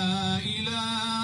لا إله